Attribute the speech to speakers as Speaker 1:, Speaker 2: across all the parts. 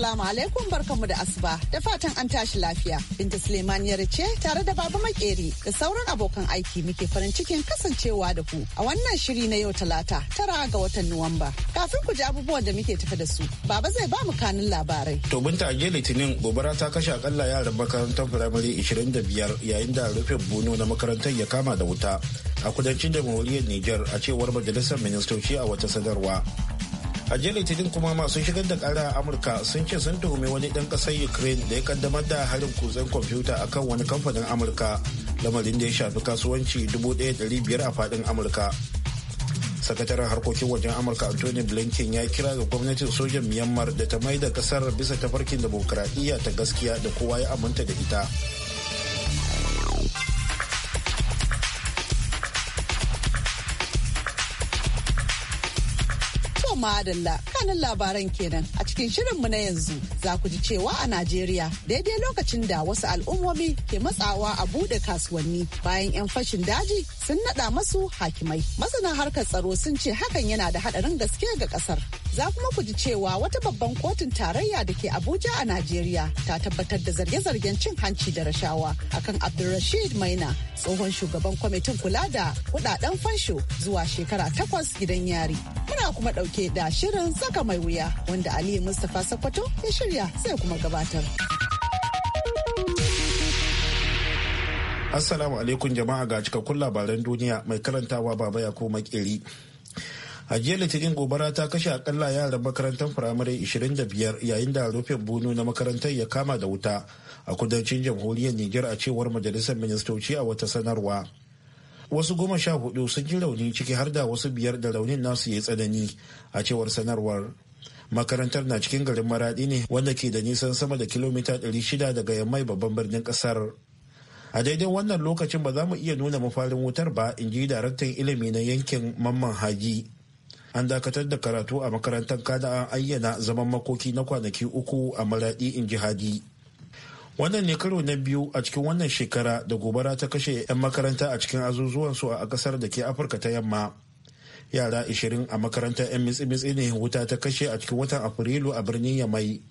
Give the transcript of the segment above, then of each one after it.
Speaker 1: Assalamu alaikum barkanmu da asuba da fatan an tashi lafiya. Binta Suleiman ce tare da Baba Makeri da sauran abokan aiki muke farin cikin kasancewa da ku a wannan shiri na yau Talata tara ga watan Nuwamba. Kafin ku ji abubuwan da muke tafi da su, Baba zai ba mu kanin labarai.
Speaker 2: To binta a Litinin gobara ta kashe akalla yaran makarantar firamare 25 yayin da rufe bono na makarantar ya kama da wuta a kudancin jamhuriyar Nijar a cewar majalisar ministoci a wata sadarwa. a jiya litinin kuma masu shigar da kara a amurka sun ce sun tuhumi wani dan kasar ukraine da ya kaddamar da harin kutsen kwamfuta kan wani kamfanin amurka lamarin da ya shafi kasuwanci 1,500 a fadin amurka sakataren harkokin wajen amurka anthony blinken ya kira ga gwamnatin sojan myanmar da ta mai da kasar bisa tafarkin dimokuraɗiyya ta gaskiya da kowa ya aminta da ita
Speaker 1: ma'adalla kanin labaran kenan a cikin shirinmu na yanzu za ku ji cewa a Najeriya daidai lokacin da wasu al'ummomi ke matsawa a bude kasuwanni bayan 'yan fashin daji sun naɗa masu hakimai. Masana harkar tsaro sun ce hakan yana da haɗarin gaske ga ƙasar. Za kuma ku ji cewa wata babban kotun tarayya da ke Abuja a Najeriya ta tabbatar da zarge-zargen cin hanci da rashawa akan Abdulrashid Maina tsohon shugaban kwamitin kula da kudaden fansho zuwa shekara takwas gidan yari. Muna kuma ɗauke da shirin saka mai wuya wanda Aliyu Mustapha Sokoto ya shirya sai kuma gabatar.
Speaker 2: Assalamu alaikum jama'a ga cikakkun labaran duniya mai karantawa baba ya koma makeri. A jiya litinin gobara ta kashe akalla yaran makarantar firamare 25 yayin da rufin bunu na makarantar ya kama da wuta a kudancin jamhuriyar Nijar a cewar majalisar ministoci a wata sanarwa. Wasu goma sha hudu sun ji rauni ciki har da wasu biyar da raunin nasu ya tsanani a cewar sanarwar. Makarantar na cikin garin Maradi ne wanda ke da nisan sama da kilomita 600 daga yammai babban birnin kasar. a daidai wannan lokacin ba za mu iya nuna mafarin wutar ba in ji daraktan ilimi na yankin mamman haji an dakatar da karatu a makarantar kada an ayyana zaman makoki na kwanaki uku a maradi in ji haji wannan ne karo na biyu a cikin wannan shekara da gobara ta kashe 'yan makaranta a cikin azuzuwansu a kasar da ke afirka ta yamma yara 20 a makarantar 'yan mitsi-mitsi ne wuta ta kashe a cikin watan afrilu a birnin yamai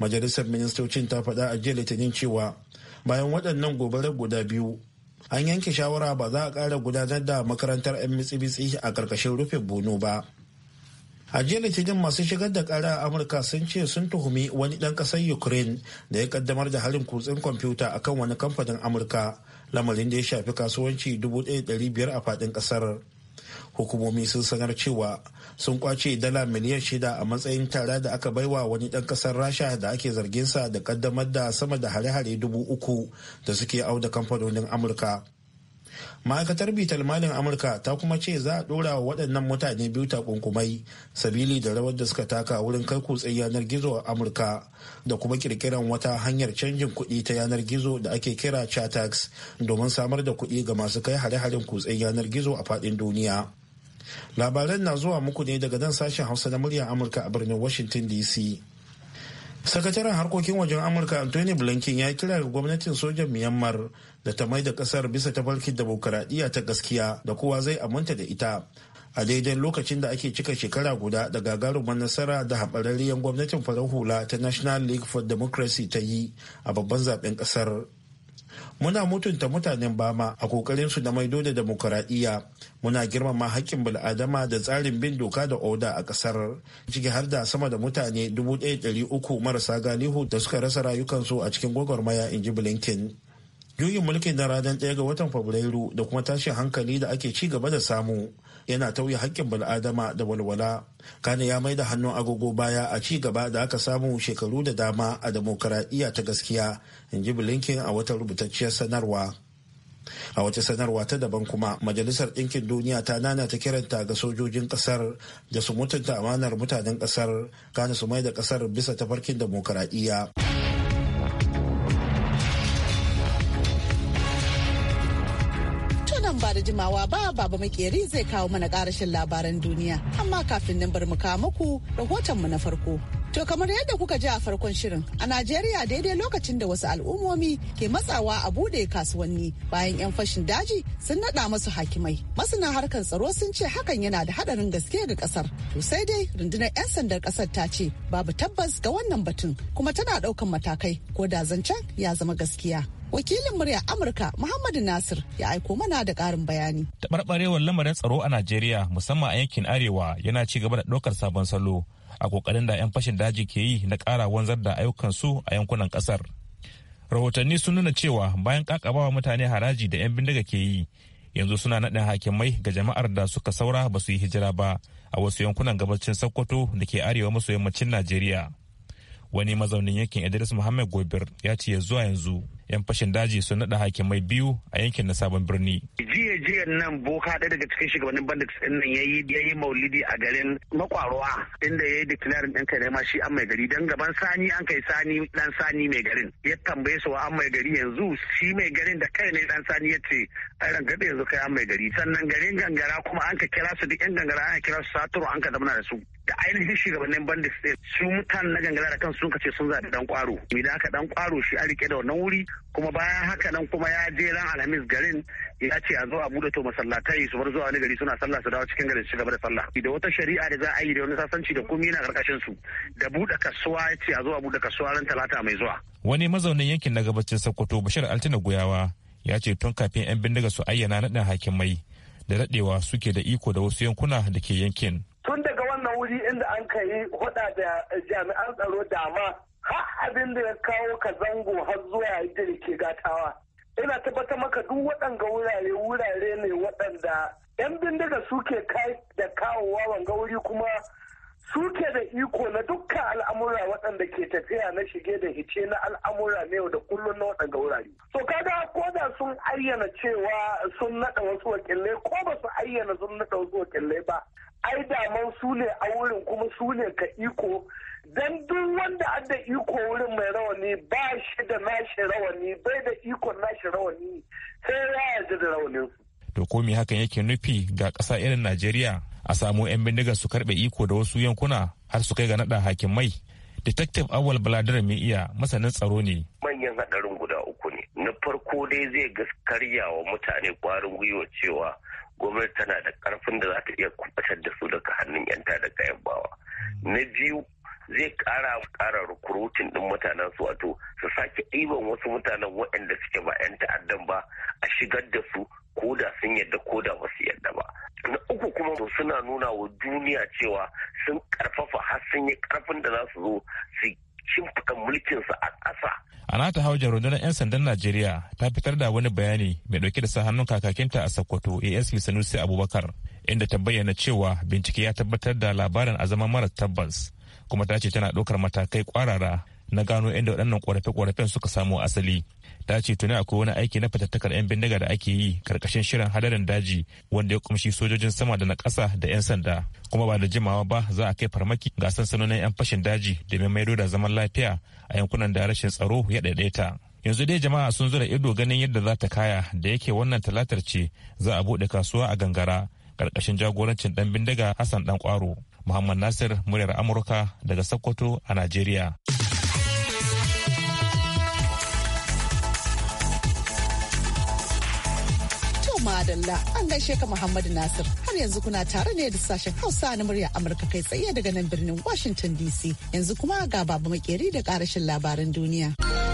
Speaker 2: majalisar ministocin ta faɗa a jiya litinin cewa bayan waɗannan gobarar guda biyu an yanke shawara ba za a ƙara gudanar da makarantar 'yan mitsi a ƙarƙashin rufe bono ba a jiya litinin masu shigar da ƙara a amurka sun ce sun tuhumi wani ɗan ƙasar ukraine da ya ƙaddamar da harin kutsen kwamfuta akan wani kamfanin amurka lamarin da ya shafi kasuwanci dubu ɗari biyar a faɗin ƙasar hukumomi sun sanar cewa sun kwace dala miliyan shida a matsayin tara da aka baiwa wani ɗan ƙasar rasha da ake zarginsa da kaddamar da sama da hare-hare dubu uku da suke auda kamfanonin amurka ma'aikatar bitar malin amurka ta kuma ce za a dora wa waɗannan mutane biyu takunkumai sabili da rawar da suka taka wurin kai kutsen yanar gizo a amurka da kuma kirkiran wata hanyar canjin kuɗi ta yanar gizo da ake kira chatax domin samar da kuɗi ga masu kai hare-haren kutsen yanar gizo a faɗin duniya labaran na zuwa muku ne daga nan sashen hausa na muryar amurka a birnin washington dc sakataren harkokin wajen amurka anthony blinken ya kira ga gwamnatin sojan myanmar da ta mai da kasar bisa ta tafarkin demokuraɗiyya ta gaskiya da kowa zai aminta da ita a daidai lokacin da ake cika shekara guda da gagarumar nasara da haɓararriyar gwamnatin farar hula ta national league for democracy ta yi a babban zaben kasar muna mutunta mutanen bama a kokarin su na maido da demokuraɗiyya muna girmama haƙƙin bil'adama da tsarin bin doka da oda a ƙasar ciki har da sama da mutane 1,300 marasa galihu da suka rasa rayukansu a cikin gwagwarmaya in ji blinken juyin mulkin na ranar 1 ga watan fabrairu da kuma tashin hankali da ake ci gaba da samu yana tauye hakkin bal'adama da walwala kane ya mai da hannun agogo baya a ci gaba da aka samu shekaru da dama a demokaradiyya ta gaskiya in ji blinken a wata rubutacciyar sanarwa a wata sanarwa ta daban kuma majalisar ɗinkin duniya ta nana ta kiranta ga sojojin ƙasar da su mutunta amanar mutanen ƙasar kana su mai da ƙasar bisa tafarkin demokaradiyya.
Speaker 1: jimawa ba baba makeri zai kawo mana karashin labaran duniya amma kafin nan bar mu kawo muku rahotonmu na farko To kamar yadda kuka ji a farkon shirin a Najeriya daidai lokacin da wasu al'ummomi ke matsawa a bude kasuwanni bayan 'yan fashin daji sun nada masu hakimai. Masana harkar tsaro sun ce hakan yana da hadarin gaske ga kasar. To sai dai rundunar 'yan sandar kasar ta ce babu tabbas ga wannan batun kuma tana daukan matakai ko da zancen ya zama gaskiya. wakilin murya amurka muhammadu nasir ya aiko mana da karin bayani
Speaker 3: tabarbarewar lamarin tsaro a najeriya musamman a yankin arewa yana ci gaba da ɗaukar sabon salo a kokarin da 'yan fashin daji ke yi na kara wanzar da su a yankunan ƙasar rahotanni sun nuna cewa bayan kakabawa mutane haraji da 'yan bindiga ke yi yanzu suna naɗin hakimai ga jama'ar da suka saura ba su yi hijira ba a wasu yankunan gabacin sokoto da ke arewa maso yammacin najeriya wani mazaunin yankin idris muhammad gobir ya ce ya zuwa yanzu 'yan fashin daji sun naɗa hakimai biyu a yankin na sabon birni.
Speaker 2: jiya jiya nan boka ɗaya daga cikin shugabannin bandits ɗin nan ya yi maulidi a garin makwarowa inda ya yi declaring ɗin kai ma shi an mai gari don gaban sani an kai sani dan sani mai garin ya tambaye su an mai gari yanzu shi mai garin da kai ne dan sani ya ce ɗan gaɗe yanzu kai mai gari sannan garin gangara kuma an ka kira su duk yan gangara an kira su saturu an ka zamana da su da ainihin shugabannin bandit ɗin su mutanen na gangara da kan sun kace sun zaɓi dan kwaro da haka dan kwaro shi a rike da wannan wuri kuma bayan haka nan kuma ya je ran alhamis garin ya ce a zo a bude to masallatai su bar zuwa wani gari suna sallah su dawo cikin garin su gaba da sallah da wata shari'a da za a yi da wani sasanci da komai yana karkashin su da bude kasuwa ya ce a zo a bude kasuwa ran talata mai zuwa
Speaker 3: wani mazaunin yankin na gabacin sokoto bashir altina guyawa ya ce tun kafin 'yan bindiga su ayyana naɗin hakimai da daɗewa suke da iko da wasu yankuna da ke yankin.
Speaker 4: Tun daga wannan wuri inda an ka yi da jami'an tsaro dama har abin da ya kawo ka zango har zuwa yadda da ke gatawa. Ina tabbatar maka duk waɗanga wurare wurare ne waɗanda 'yan bindiga suke kai da kawowa wanga wuri kuma suke da iko na dukkan al'amura waɗanda ke tafiya na shige da hice na al'amura ne da kullum na waɗanda wurare. So kaga ko da sun ayyana cewa sun naɗa wasu wakilai ko ba su ayyana sun naɗa wasu wakilai ba. Ai daman su ne a wurin kuma su ne ka iko dan duk wanda an da iko wurin mai rawani ba shi da nashi rawani bai da ikon nashi rawani sai ya ji da rawaninsu.
Speaker 3: to ko me hakan yake nufi ga ƙasa irin najeriya a samu 'yan bindigar su karɓe iko da wasu yankuna har su kai ga naɗa hakimai detective awal baladar mai iya masanin tsaro ne
Speaker 2: manyan haɗarin guda uku ne na farko dai zai
Speaker 5: gaskarya wa mutane ƙwarin gwiwa cewa gwamnati tana da ƙarfin da za ta iya kubatar da su daga hannun 'yan da kayan bawa na biyu zai kara kara rukurutin din mutanen su wato su sake ɗiban wasu mutanen waɗanda suke ba 'yan ta'addan ba a shigar da su Koda sun yadda koda da ba yadda ba na uku kuma suna nuna wa duniya cewa sun karfafa har sun yi karfin da za su zo su mulkin
Speaker 3: su a ƙasa. a nata hauja rundunar 'yan sandan najeriya ta fitar da wani bayani mai ɗauke da sa hannun kakakinta a sokoto asp sanusi abubakar inda ta bayyana cewa bincike ya tabbatar da labarin a zama mara tabbas kuma ta ce tana ɗaukar matakai kwarara na gano inda waɗannan ƙorafe-ƙorafen suka samo asali ta ce tuni akwai wani aiki na fitattakar 'yan bindiga da ake yi karkashin shirin hadarin daji wanda ya kumshi sojojin sama da na ƙasa da 'yan sanda kuma ba da jimawa ba za a kai farmaki ga sansanonin 'yan fashin daji da maido da zaman lafiya a yankunan da rashin tsaro ya ɗaiɗaita yanzu dai jama'a sun zura ido ganin yadda za ta kaya da yake wannan talatar ce za a buɗe kasuwa a gangara ƙarƙashin jagorancin ɗan bindiga hassan dan kwaro muhammad nasir muryar amurka daga sokoto a najeriya.
Speaker 1: Madalla an gaishe ka Muhammadu Nasir har yanzu kuna tare ne da sashen Hausa na murya Amurka kai tsaye daga nan birnin Washington DC yanzu kuma ga babu makeri da karashin labaran duniya.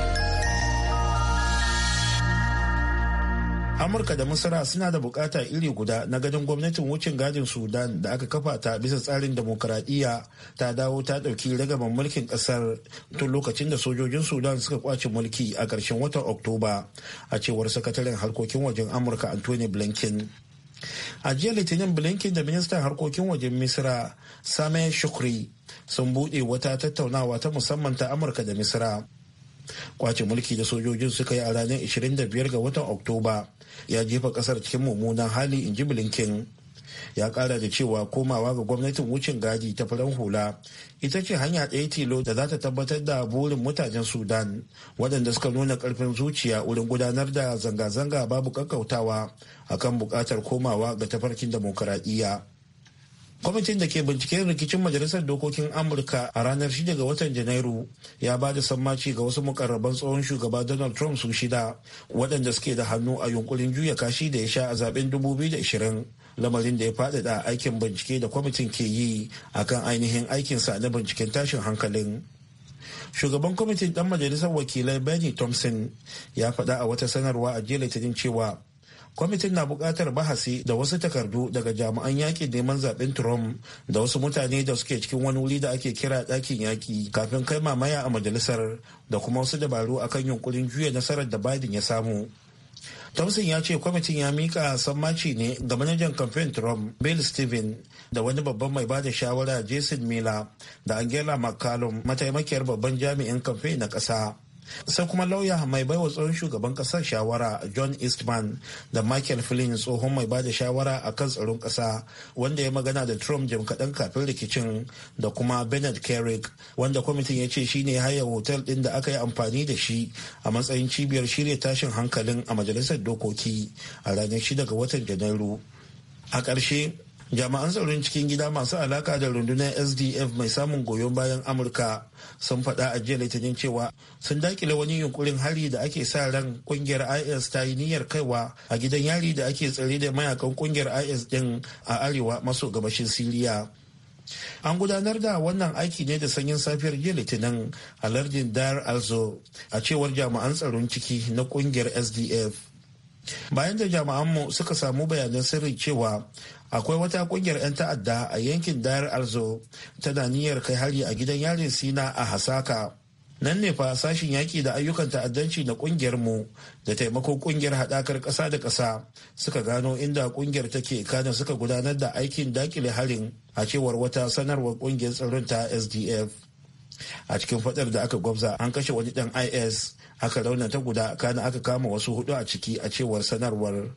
Speaker 2: amurka da misra suna da bukata iri guda na ganin gwamnatin wucin gadin sudan da aka kafa ta bisa tsarin demokaradiyya ta dawo ta ɗauki ragaban mulkin kasar tun lokacin da sojojin sudan suka kwace mulki a ƙarshen watan oktoba a cewar sakataren harkokin wajen amurka anthony blinken a jiya litinin blinken da ministan harkokin wajen misra same shukri sun buɗe wata tattaunawa ta musamman ta amurka da misra kwace mulki da sojojin suka yi a ranar 25 ga watan oktoba ya jefa kasar cikin mummunan hali in ji blinken ya kara da cewa komawa ga gwamnatin wucin gadi ta faran hula ita ce hanya ɗaya tilo da za ta tabbatar da burin mutanen sudan waɗanda suka nuna ƙarfin zuciya wurin gudanar da zanga-zanga babu kankautawa akan buƙatar komawa ga tafarkin demokuraɗiyya kwamitin da ke binciken rikicin majalisar dokokin amurka a ranar 6 ga watan janairu ya ba da sammaci ga wasu mukarraban tsohon shugaba donald trump su shida waɗanda suke da hannu a yunkurin juya kashi da ya sha a zaben 2020 lamarin da ya faɗaɗa aikin bincike da kwamitin ke yi akan ainihin aikinsa na binciken tashin hankalin shugaban kwamitin ɗan majalisar wakilai benny thompson ya faɗa a wata sanarwa a jiya litinin cewa kwamitin na buƙatar bahasi da wasu takardu daga jami'an yaƙi neman zaɓen trump da wasu mutane da suke cikin wani wuri da ake kira ɗakin yaƙi kafin kai mamaya a majalisar da kuma wasu dabaru akan yunkurin juya nasarar da biden ya samu thompson ya ce kwamitin ya mika sammaci ne ga manajan kamfen trump bill steven da wani babban mai bada shawara jason miller da angela mccallum mataimakiyar babban jami'in kamfen na ƙasa sai kuma lauya mai baiwa tsohon shugaban kasar shawara john eastman da michael flynn tsohon mai bada shawara a kan tsaron kasa wanda ya magana da trump jim kaɗan kafin rikicin da kuma bernard carrick wanda kwamitin ya ce shi shine haya hotel ɗin da aka yi amfani da shi a matsayin cibiyar shirya tashin hankalin a majalisar dokoki a ranar 6 ga watan janairu a ƙarshe jami'an tsaron cikin gida masu alaka da rundunar sdf mai samun goyon bayan amurka sun faɗa a jiya litinin cewa sun dakile wani yunkurin hari da ake sa ran kungiyar is ta yi niyyar kaiwa a gidan yari da ake tsare da mayakan kungiyar is din a arewa maso gabashin siriya an gudanar da wannan aiki ne da sanyin safiyar jiya litinin a lardin dar alzo a cewar jami'an tsaron ciki na kungiyar sdf bayan da jami'anmu suka samu bayanan sirri cewa akwai wata kungiyar 'yan ta'adda a yankin dayar arzo tana niyyar kai hari a gidan yarin sina a hasaka nan ne fa sashin yaƙi da ayyukan ta'addanci na kungiyar mu da taimakon kungiyar haɗakar ƙasa da ƙasa suka gano inda kungiyar take kana suka gudanar da aikin dakile harin a cewar wata sanarwar kungiyar tsaron ta sdf a cikin fadar da aka gwabza an kashe wani dan is aka raunata guda kana aka kama wasu hudu a ciki a cewar sanarwar.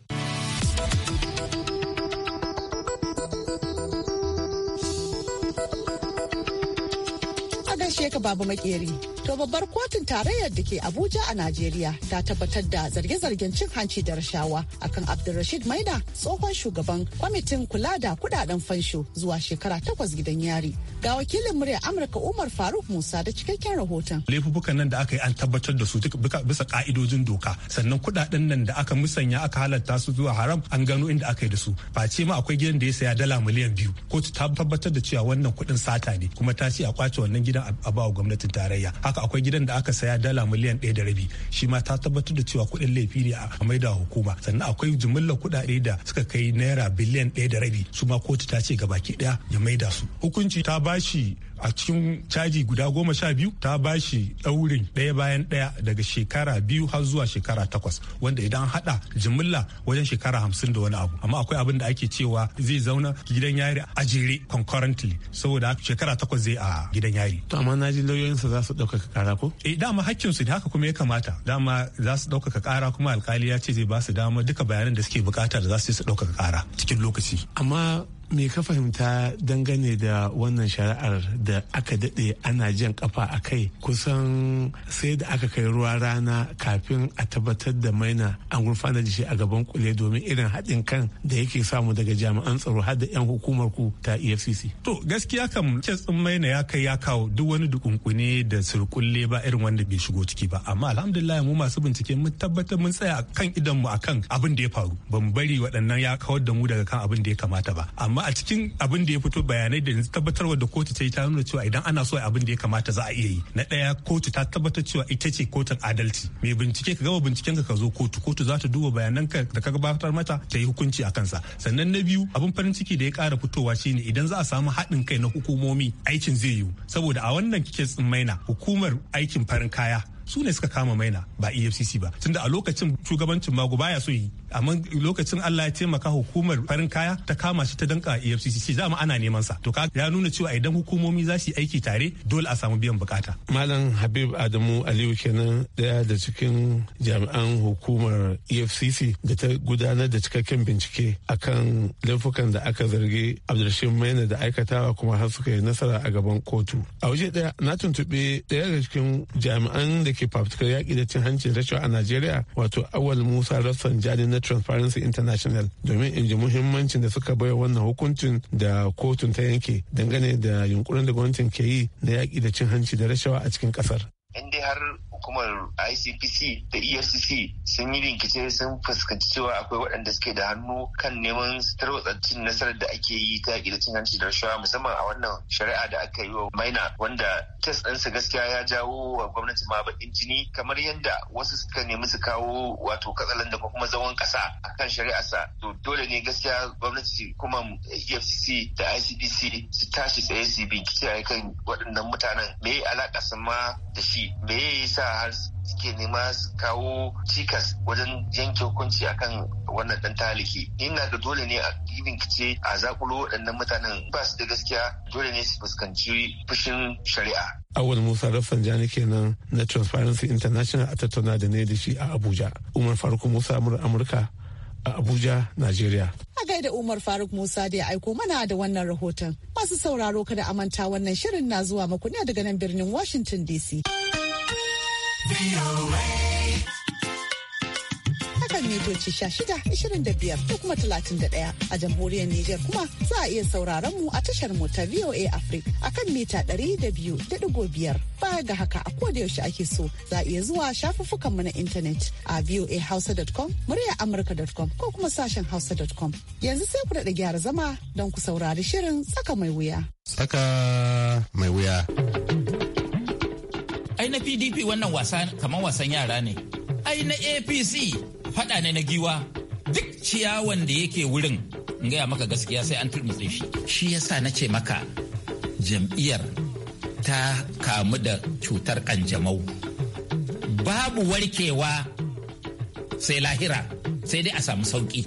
Speaker 1: gare ka babu makeri. To babbar kotun tarayyar da ke Abuja a Najeriya ta tabbatar da zarge-zargen cin hanci da rashawa akan Abdulrashid Maida tsohon shugaban kwamitin kula da kudaden fansho zuwa shekara takwas gidan yari. Ga wakilin murya Amurka Umar Faruk Musa da cikakken rahoton.
Speaker 6: Laifuffukan nan da aka yi an tabbatar da su bisa ka'idojin doka sannan kudaden nan da aka musanya aka halarta su zuwa haram an gano inda aka yi da su. Face ma akwai gidan da ya saya dala miliyan biyu. Kotu ta tabbatar da cewa wannan kuɗin sata ne kuma ta ce a kwace wannan gidan a bawa gwamnatin tarayya. haka akwai gidan da aka saya dala miliyan ɗaya da rabi shi ma ta tabbatar da cewa kuɗin laifi ne a maida hukuma sannan akwai jimilla kuɗaɗe da suka kai naira biliyan ɗaya da rabi su ma kotu ta ce gabaki ɗaya ya maida su hukunci ta bashi a cikin caji guda goma sha biyu ta bashi ɗaurin ɗaya bayan ɗaya daga shekara biyu har zuwa shekara takwas wanda idan hada jimilla wajen shekara hamsin da wani abu amma akwai abin da ake cewa zai zauna gidan yari a jere concurrently saboda shekara takwas zai a gidan yari. to amma na ji lauyoyinsa za su ɗaukaka kara ko. eh dama hakkinsu da haka kuma ya kamata dama za su ɗaukaka kara kuma alkali ya ce zai ba su dama duka bayanan da suke bukata da za su yi su ɗaukaka kara cikin lokaci. amma me ka
Speaker 7: fahimta dangane da wannan shari'ar da aka daɗe ana jan kafa a kai kusan sai da aka kai ruwa rana kafin a tabbatar da maina an gurfana da shi a gaban kule domin irin haɗin kan da yake samu daga jami'an tsaro har da 'yan hukumar ku
Speaker 6: ta efcc to gaskiya kam kitsin maina ya kai ya kawo duk wani dukunkune da surkulle ba irin wanda bai shigo ciki ba amma alhamdulillah mu masu bincike mun tabbatar mun tsaya kan idan mu akan abin da ya faru ban bari waɗannan ya kawar da mu daga kan abin da ya kamata ba amma amma a cikin abin da ya fito bayanai da tabbatarwa da kotu ta yi ta nuna cewa idan ana so a abin da ya kamata za a iya yi na ɗaya kotu ta tabbatar cewa ita ce kotun adalci mai bincike ka gama binciken ka ka zo kotu kotu za ta duba bayananka da ka gabatar mata ta yi hukunci a kansa sannan na biyu abin farin ciki da ya kara fitowa ne idan za a samu haɗin kai na hukumomi aikin zai yiwu saboda a wannan kitsin maina hukumar aikin farin kaya su ne suka kama maina ba efcc ba tunda a lokacin shugabancin mago baya so yi amma lokacin Allah ya taimaka hukumar farin kaya ta kama shi ta danka EFCC ce mu ana neman sa to ya nuna cewa idan hukumomi za su yi aiki tare dole a samu biyan bukata
Speaker 7: malam Habib Adamu Aliyu kenan daya da cikin jami'an hukumar EFCC da ta gudanar da cikakken bincike akan laifukan da aka zargi Abdulrashid Maina da aikatawa kuma har suka yi nasara a gaban kotu a waje daya na tuntuɓi daya daga cikin jami'an da ke fafutukar yaƙi da cin hanci rashawa a Najeriya wato Awal Musa Rassan Jani na na transparency international domin in ji muhimmancin da suka bai wannan hukuncin da kotun ta yanke dangane da yunkurin da gwamnatin ke yi na yaƙi da cin hanci da rashawa a cikin ƙasar. in dai har hukumar ICPC da EFCC sun yi rinkice sun
Speaker 2: fuskanci cewa akwai waɗanda suke da hannu kan neman tarwatsa nasarar da ake yi ta gida cin hanci da rashawa musamman a wannan shari'a da aka yi wa maina wanda tes ɗinsa gaskiya ya jawo wa gwamnati ma baƙin jini kamar yadda wasu suka nemi su kawo wato katsalan da kuma zaman ƙasa akan shari'arsa to dole ne gaskiya gwamnati kuma EFCC da ICPC su tashi tsaye su bincike kan waɗannan mutanen me alaƙa sama da shi me yasa har suke nema su kawo cikas wajen yanke hukunci akan wannan dan taliki ina da dole ne a kice a zakulo
Speaker 7: waɗannan mutanen ba su da gaskiya dole ne su fuskanci fushin shari'a awal musa rafsanjani kenan na transparency international a tattauna da ne da shi a abuja umar faruk musa amurka a Abuja, nigeria.
Speaker 1: A gaida Umar Faruk Musa da ya aiko mana da wannan rahoton. Masu sauraro kada a manta wannan shirin na zuwa makunya daga nan birnin Washington DC.
Speaker 6: Hakan
Speaker 1: mitoci 16-25 da kuma 31 a jamhuriyar Nijar kuma za a iya sauraron mu a tashar mu ta VOA Africa a kan mita 200.5. Baya ga haka a yaushe ake so za a iya zuwa shafuffukan mu na intanet a voahausa.com, muryar ko kuma sashen hausa.com. Yanzu sai ku daɗa gyara zama don ku saurari shirin
Speaker 5: tsaka mai wuya.
Speaker 8: Tsaka mai wuya.
Speaker 5: ai na pdp wannan wasa kamar wasan yara ne ai na apc fada ne na giwa duk ciyawan da yake wurin in gaya maka gaskiya sai an turmutse shi shi yasa na ce maka jam'iyyar ta kamu da cutar kanjamau babu warkewa sai lahira
Speaker 8: sai dai a samu sauki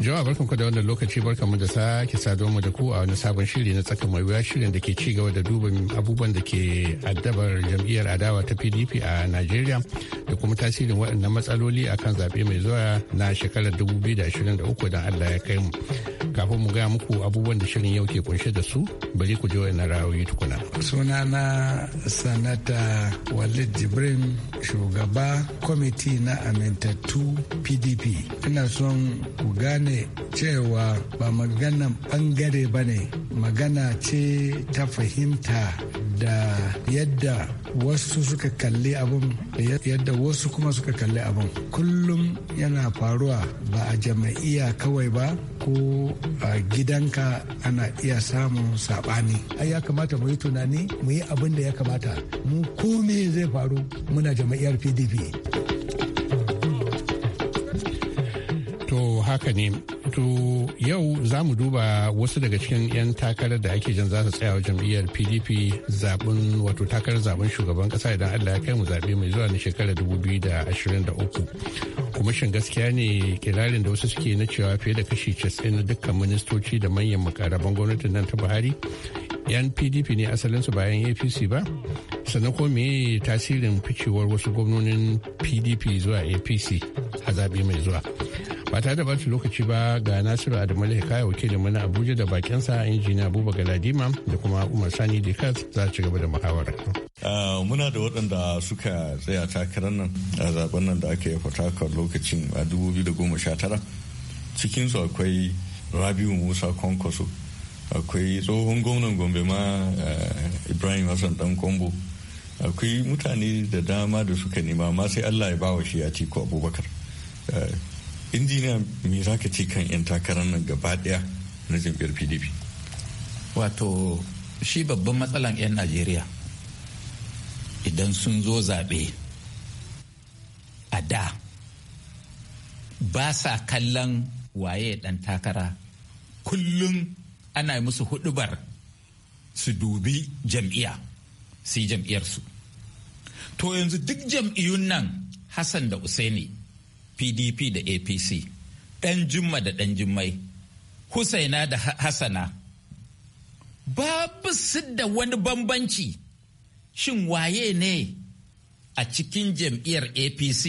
Speaker 8: Jama'a barkanku da wannan lokaci mu da sake saduwa mu da ku a wani sabon shiri na tsakan mai wuya shirin da ke ci gaba da duban abubuwan da ke addabar jam'iyyar adawa ta PDP a nigeria da kuma tasirin waɗannan matsaloli akan zaɓe mai zuwa na shekarar 2023 don Allah ya kai mu. Kafin mu gaya muku abubuwan da shirin yau ke kunshe da su bari ku je wa'annan ra'ayoyi tukuna. Sunana
Speaker 4: sanata Walid Jibrin shugaba kwamiti na amintattu PDP. Ina son ku gane gane cewa ba maganan bangare ba ne magana ce ta fahimta da yadda wasu suka kalli abin da yadda wasu kuma suka kalli abin kullum yana faruwa ba a jama'iya kawai ba ko a gidanka ana iya samun saɓani. ai ya kamata mu yi tunani mu yi abin da ya kamata mu kome zai faru muna jama'iyar pdp
Speaker 8: haka ne to yau za mu duba wasu daga cikin 'yan takarar da ake jin za su tsaya wa jam'iyyar pdp zaben wato takarar zaɓen shugaban kasa idan allah ya kai mu zaɓe mai zuwa na shekarar 2023 kuma shin gaskiya ne kirarin da wasu suke na cewa fiye da kashi 90 na dukkan ministoci da manyan makaraban gwamnatin nan ta buhari 'yan pdp ne asalinsu bayan apc ba sannan ko me tasirin ficewar wasu gwamnonin pdp zuwa apc a zaɓe mai zuwa ba tare da bata lokaci ba ga nasiru adamu hikaya wakilin mana abuja da bakinsa injiniya abubakar galadima da kuma umar sani dikas za ci gaba da muhawara. Ah, muna da waɗanda suka tsaya takarar nan
Speaker 9: a zaben nan da aka yi fatakar lokacin a sha 2019 cikinsu akwai rabiu musa kwankwaso akwai tsohon gwamnan gombe ma eh, ibrahim hassan dan kombo akwai mutane da dama da suka nema ma sai allah ya bawa shi a ko abubakar eh, injiniya me za ka ce kan 'yan takarar nan gaba daya na jam'iyyar pdp wato shi babban
Speaker 5: matsalan 'yan najeriya idan sun zo zaɓe a da ba sa kallon waye ɗan takara kullum ana yi musu hudubar su dubi jam'iyya su yi jam'iyyarsu to yanzu duk jam'iyyun nan hassan da usaini pdp da apc ɗan jumma da ɗan jummai husaina da Hassana babu su da wani bambanci shin waye ne a cikin jam'iyyar apc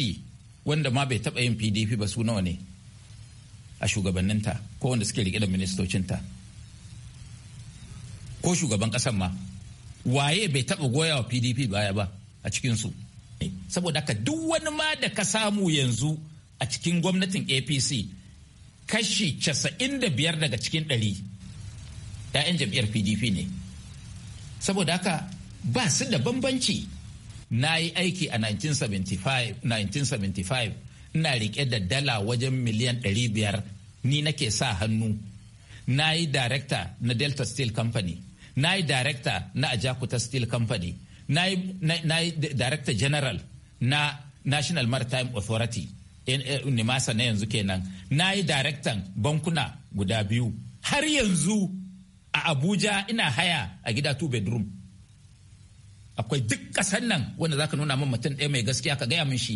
Speaker 5: wanda ma bai taɓa yin pdp ba su nawa ne a shugabanninta ko wanda suke riƙe da ministocinta ko shugaban ƙasan ma waye bai taɓa goya wa pdp baya ba a cikinsu saboda haka duk wani ma da ka samu yanzu a cikin gwamnatin apc kashi 95 daga cikin 100 'ya'yan jam'iyyar pdp ne saboda haka ba su da bambanci na yi aiki a 1975 1975 ina riƙe da dala wajen miliyan ɗari biyar. ni nake sa hannu na yi darekta na delta steel company na yi darekta na ajakuta steel company na yi darekta general na national maritime authority Eh, nimasa na yanzu kenan na yi daraktan bankuna guda biyu har yanzu a abuja ina haya a gida two bedroom akwai duk kasan nan wanda zaka nuna min mutum ɗaya mai gaskiya ka gaya min shi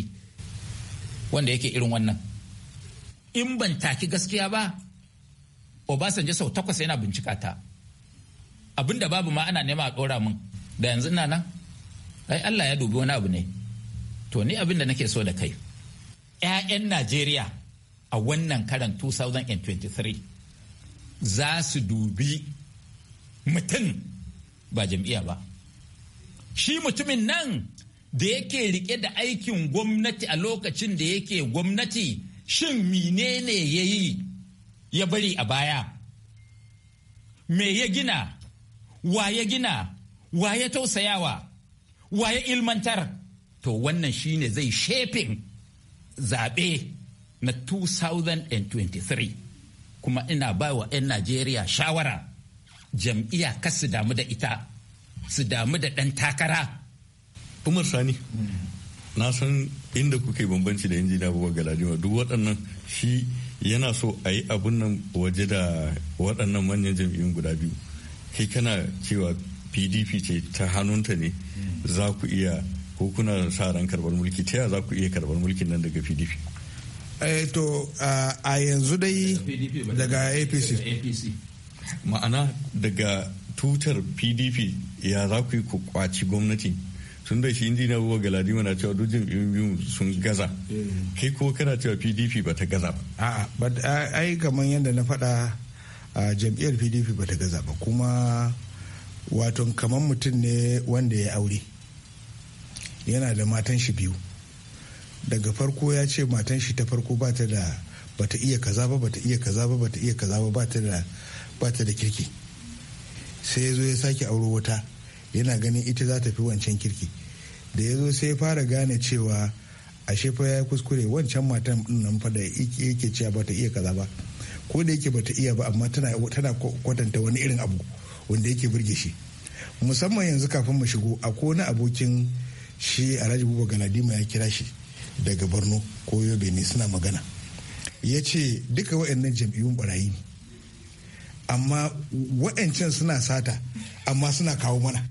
Speaker 5: wanda yake irin wannan in ban taki gaskiya ba obasanjo sau takwas yana bincika ta abinda babu ma ana nema a ɗora min da yanzu ina nan ai allah ya dubi wani abu ne to ni abin da nake so da kai 'ya'yan Najeriya a wannan karan 2023 za su dubi mutum ba jam'iya ba. Shi mutumin nan da yake rike da aikin gwamnati a lokacin da yake gwamnati shin menene ya yi ya bari a baya? Me ya gina? Wa ya gina? Wa ya tausayawa? Wa ya ilmantar? To wannan shine zai shefin zaɓe na 2023 kuma ina ba wa 'yan najeriya shawara jam'iyya ka su damu da ita su damu da ɗan takara
Speaker 9: umar sani na san inda kuke bambanci da injiniya abubuwa galadima duk waɗannan shi yana so a yi abun nan waje da waɗannan manyan jam'iyyun guda biyu kai kana cewa pdp ce ta hannunta ne za ku iya ko kuna sa ran karbar mulki ta za ku iya karbar mulkin nan daga pdp
Speaker 4: eh, to a yanzu dai daga apc
Speaker 9: ma'ana daga tutar pdp ya za ku yi ku kwaci gwamnati tun da shi na abubuwa galadima na cewa duk biyu sun gaza eh. kai ko kana cewa pdp ba ta gaza
Speaker 4: ba a'a ai kamar yadda na faɗa jam'iyyar pdp ba ta gaza ba kuma wato kamar mutum ne wanda ya aure yana da matan shi biyu daga farko ya ce matan shi ta farko ba ta da bata iya kaza ba bata iya kaza ba bata iya kaza ba bata da da kirki sai ya zo ya sake auro wata yana ganin ita za ta fi wancan kirki da ya zo sai ya fara gane cewa a shefa ya kuskure wancan matan nan fa da yake cewa bata iya kaza ba ko da yake bata iya ba amma tana tana kwatanta wani irin abu wanda yake burge shi musamman yanzu kafin mu shigo akwai wani abokin shi alhaji buba galadima ya kira shi daga borno ko yobe ne suna magana ya ce duka waɗannan jam'iyyun barayi ne amma waɗancan suna sata amma suna kawo mana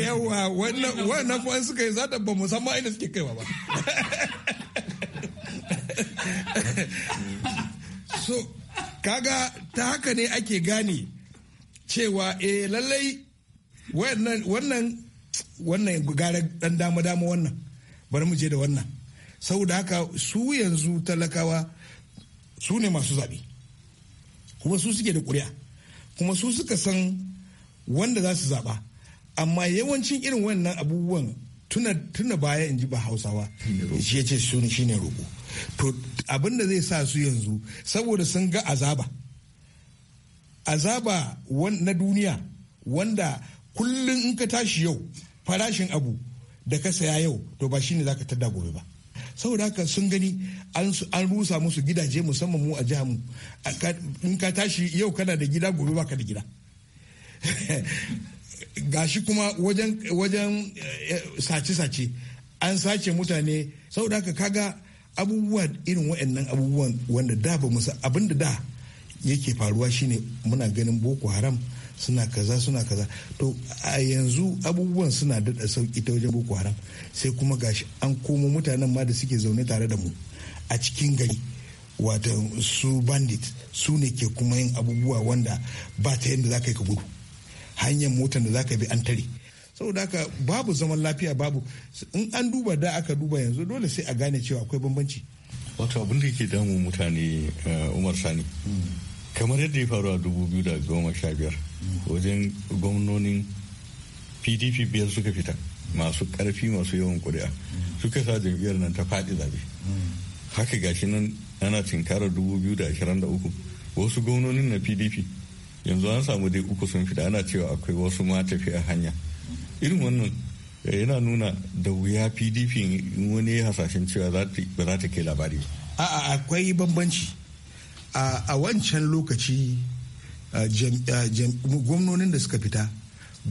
Speaker 4: yawa wannan kuwan suka yi zata ba musamman inda suke kaiwa ba so kaga ta haka ne ake gane cewa eh lallai wannan wannan gara dan dama dama wannan bari mu je da wannan saboda haka su yanzu talakawa su ne masu zaɓe kuma su suke da ƙuri'a kuma su suka san wanda za su zaɓa amma yawancin irin wannan abubuwan tuna baya in ji ba hausawa shi ya ce suni shi ne roƙo to abin da zai sa su yanzu saboda sun ga azaba azaba na duniya wanda kullum in ka tashi yau farashin abu da ka saya yau to ba shi ne shine zaka tada gobe ba saboda haka sun gani an rusa musu gidaje musamman mu a jiha mu in ka tashi yau kana da gida gobe baka da gida gashi kuma wajen wajen eh, sace-sace an sace mutane saboda haka kaga abubuwa irin waɗannan abubuwan wanda da ba musa abin da da yake faruwa shine muna ganin boko haram suna kaza suna kaza to a yanzu abubuwan suna daɗa sauki ta wajen boko haram sai kuma gashi an komo mutanen ma da suke zaune tare da mu a cikin gari wato su bandit su ne ke kuma yin abubuwa wanda ba ta yadda za ka yi ka gudu hanyar motar da ka bi an tare saboda haka babu zaman lafiya babu in an duba da aka duba yanzu dole sai a gane cewa akwai bambanci wato abin da yake
Speaker 9: damu mutane eh, umar sani kamar yadda ya faru a biyar wajen gwamnonin pdp biyar suka fita masu karfi masu yawan kuri'a suka sa jam'iyyar nan ta faɗi zabe haka gashi nan ana cinkarar uku wasu gwamnonin na pdp yanzu an samu dai uku sun fita ana cewa akwai wasu ma tafiya hanya irin wannan eh, yana nuna da wuya pdp wani hasashen cewa ba za ta ke labari
Speaker 4: a akwai bambanci a wancan lokaci gwamnonin da suka fita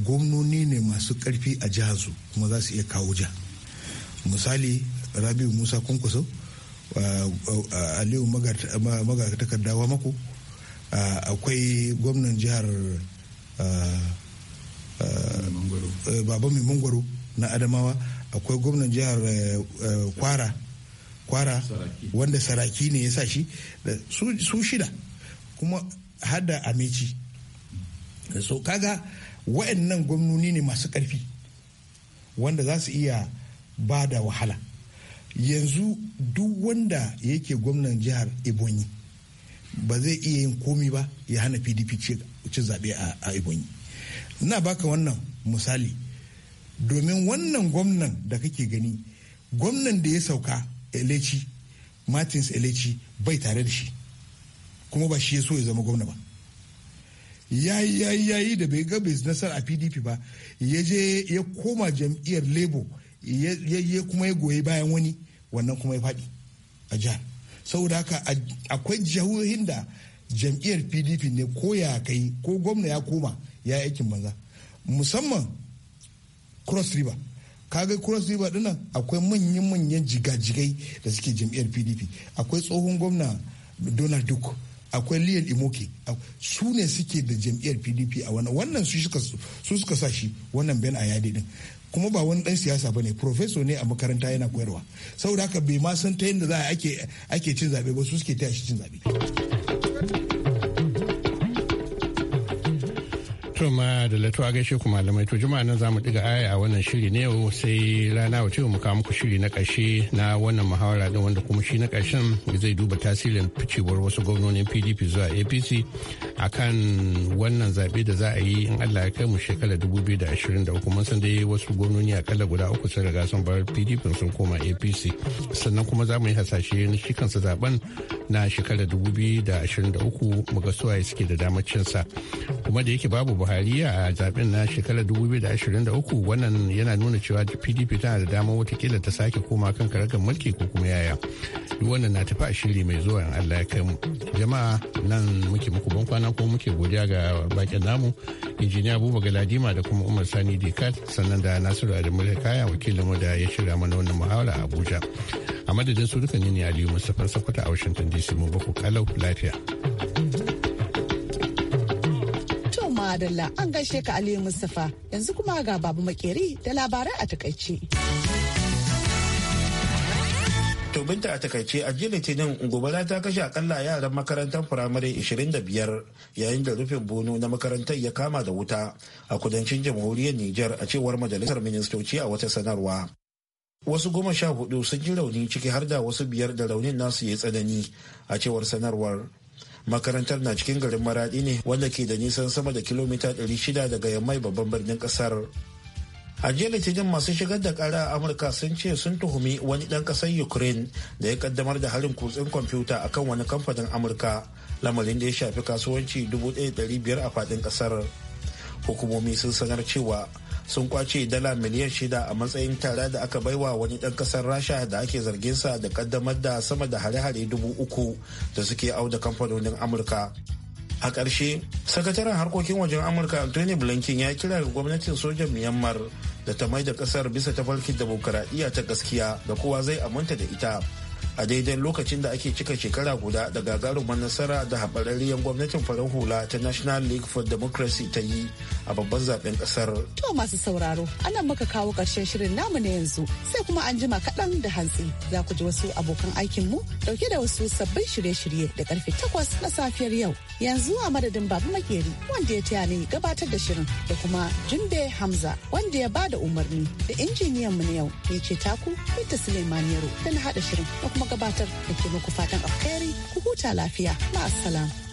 Speaker 4: gwamnoni ne masu karfi a jihazu kuma za su iya kawo ja misali rabiu musa kwankwaso aliyu dawa mako Ah, akwai gwamnan jihar ah, ah, baba mai mangwaro na adamawa akwai gwamnan jihar eh, eh, kwara kwara wanda saraki ne ya sa shi su shida kuma hada amici so kaga wa'annan gwamnoni ne masu ƙarfi wanda za su iya ba da wahala yanzu duk wanda yake gwamnan jihar ebonyi ba zai iya yin komi ba ya hana pdp ci zaɓe a ibonyi na baka wannan misali domin wannan gwamnan da kake gani gwamnan da ya sauka eleci martins eleci bai tare da shi kuma ba shi ya so ya zama gwamna ba yayi yayi yayi da bai ga bai nasar a pdp ba ya je ya koma jam'iyyar labour ya kuma ya goyi bayan wani wannan kuma ya faɗi a jihar saboda haka akwai jihohin da jam'iyyar pdp ne ko ya kai ko gwamna ya koma ya yi aikin banza musamman cross river kaga cross river dinnan akwai manyan manyan jigajigai da suke jam'iyyar pdp akwai tsohon gwamna donald duk akwai liyan imoke su ne suke da jam'iyyar pdp a wannan wannan su suka sa shi wannan ben a yadi din kuma ba wani dan siyasa bane professor ne a makaranta yana koyarwa saboda haka bai ma san ta yadda za a ake cin zabe ba
Speaker 8: su suke taya shi cin zabe To ma da latuwa gaishe ku malamai to juma'a nan zamu diga aya a wannan shiri ne yau sai rana wace mu kawo muku shiri na ƙarshe na wannan muhawara din wanda kuma shi na ƙarshen zai duba tasirin ficewar wasu gwamnonin PDP zuwa APC akan wannan zaɓe da za a yi in Allah ya kai mu shekarar 2023 mun san dai wasu gwamnoni akalla guda uku sun riga sun bar PDP sun koma APC sannan kuma zamu yi hasashe na shi kansa zaben na shekarar 2023 mu ga suwaye suke da damar cinsa kuma da yake babu buhari a zaben na shekarar 2023 wannan yana nuna cewa pdp tana da damar watakila ta sake koma kan karagar mulki ko kuma yaya duk wannan na tafi a shiri mai zuwa in allah ya kai mu jama'a nan muke muku ban kwana kuma muke godiya ga bakin namu injiniya abubakar galadima da kuma umar sani dekat sannan da nasiru adamu kaya wakilin mu da ya shirya mana wannan muhawara a abuja a madadin su duka ne aliyu mustapha Sokoto a washington dc mu baku kalau lafiya
Speaker 1: Adalla an gaishe ka Aliyu Mustafa yanzu kuma ga babu makeri da labarai a takaice.
Speaker 2: To binta a takaice a jiya litinin gobara ta kashe akalla yaran makarantar firamare 25 yayin da rufin bono na makarantar ya kama da wuta a kudancin jamhuriyar Nijar a cewar majalisar ministoci a wata sanarwa. Wasu goma sha hudu sun ji rauni ciki har da wasu biyar da raunin nasu ya tsanani a cewar sanarwar makarantar na cikin garin maradi ne wanda ke da nisan sama da kilomita 600 daga yammai babban birnin kasar a jiya litinin masu shigar da kara a amurka sun ce sun tuhumi wani dan kasar ukraine da ya kaddamar da harin kutsin kwamfuta kan wani kamfanin amurka lamarin da ya shafi kasuwanci 1500 a fadin kasar hukumomi sun sanar cewa sun kwace dala miliyan shida a matsayin tara da aka baiwa wani ɗan ƙasar rasha da ake zargin sa da ƙaddamar da sama da hare-hare dubu uku da suke auda kamfanonin amurka a ƙarshe sakataren harkokin wajen amurka anthony blinken ya kira ga gwamnatin sojan myanmar da ta mai da ƙasar bisa tafarkin dimokuraɗiyya ta gaskiya da kowa zai aminta da ita a daidai lokacin da ake cika shekara guda da gagarumar nasara da haɓararriyar gwamnatin farin hula ta national league for democracy ta yi a babban zaben ƙasar.
Speaker 1: to masu sauraro anan muka kawo ƙarshen shirin namu na yanzu sai kuma an jima kaɗan da hantsi za ku ji wasu abokan aikin mu dauke da wasu sabbin shirye-shirye da karfe takwas na safiyar yau yanzu a madadin babu makeri wanda ya taya ni gabatar da shirin da kuma jumbe hamza wanda ya ba da umarni da injiniyan mu na yau ya ce taku Binta Suleiman Yaro da na haɗa shirin da kuma gabatar da ke muku fatan alheri ku huta lafiya ma'asalam.